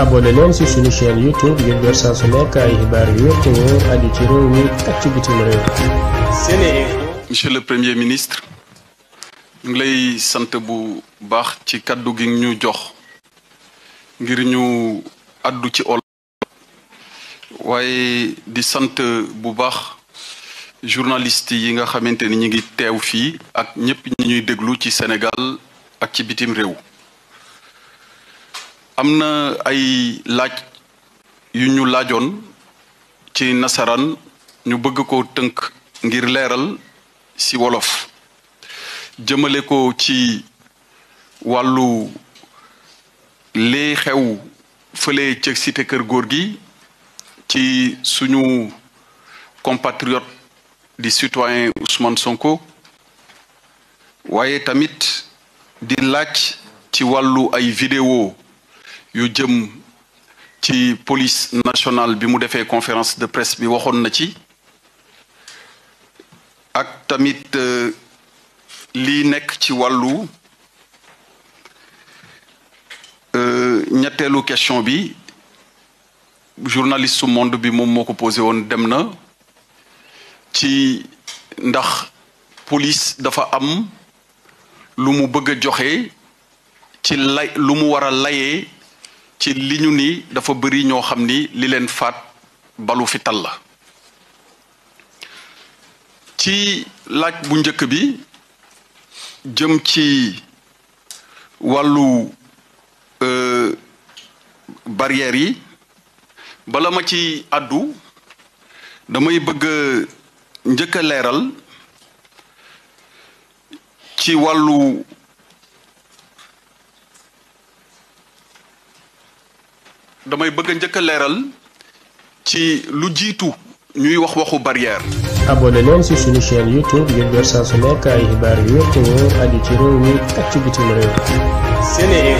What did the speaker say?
abonné leen ci suñu chaîne YouTube yu wér te le premier ministre ñu ngi lay sant bu baax ci kàddu gi ñu jox ngir ñu àddu ci olof waaye di sant bu baax journaliste yi nga xamante ni ñu ngi teew fii ak ñépp ñi ñuy déglu ci Sénégal ak ci bitim réew. am na ay laaj yu ñu laajoon ci nasaraan ñu bëgg ko tënk ngir leeral ci wolof jëmale ko ci wàllu lii xew fële ca kër góor gi ci suñu compatriot di citoyen Ousmane Sonko waaye tamit di laaj ci wàllu ay vidéo yu jëm ci police nationale bi mu defee conférence de presse bi waxoon na ci ak tamit euh, lii nekk ci wàllu euh, ñetteelu question bi journaliste su monde bi moom moo ko posé woon dem na ci ndax police dafa am lu mu bëgg a joxe ci lu mu war a layee ci li ñu ni dafa bari ñoo xam ni li leen faat balu fi tal la ci laaj bu njëkk bi jëm ci wàllu euh, barrières yi bala ma ci àddu damay bëgg njëkk a leeral ci wàllu damay bëgg a njëkk a leeral ci lu jiitu ñuy wax waxu barrière. abonné leen ci suñu chaîne youtube ngir jot saa su nekk ay xibaar yu wér te wóor aju ci réew mi ak ci réew.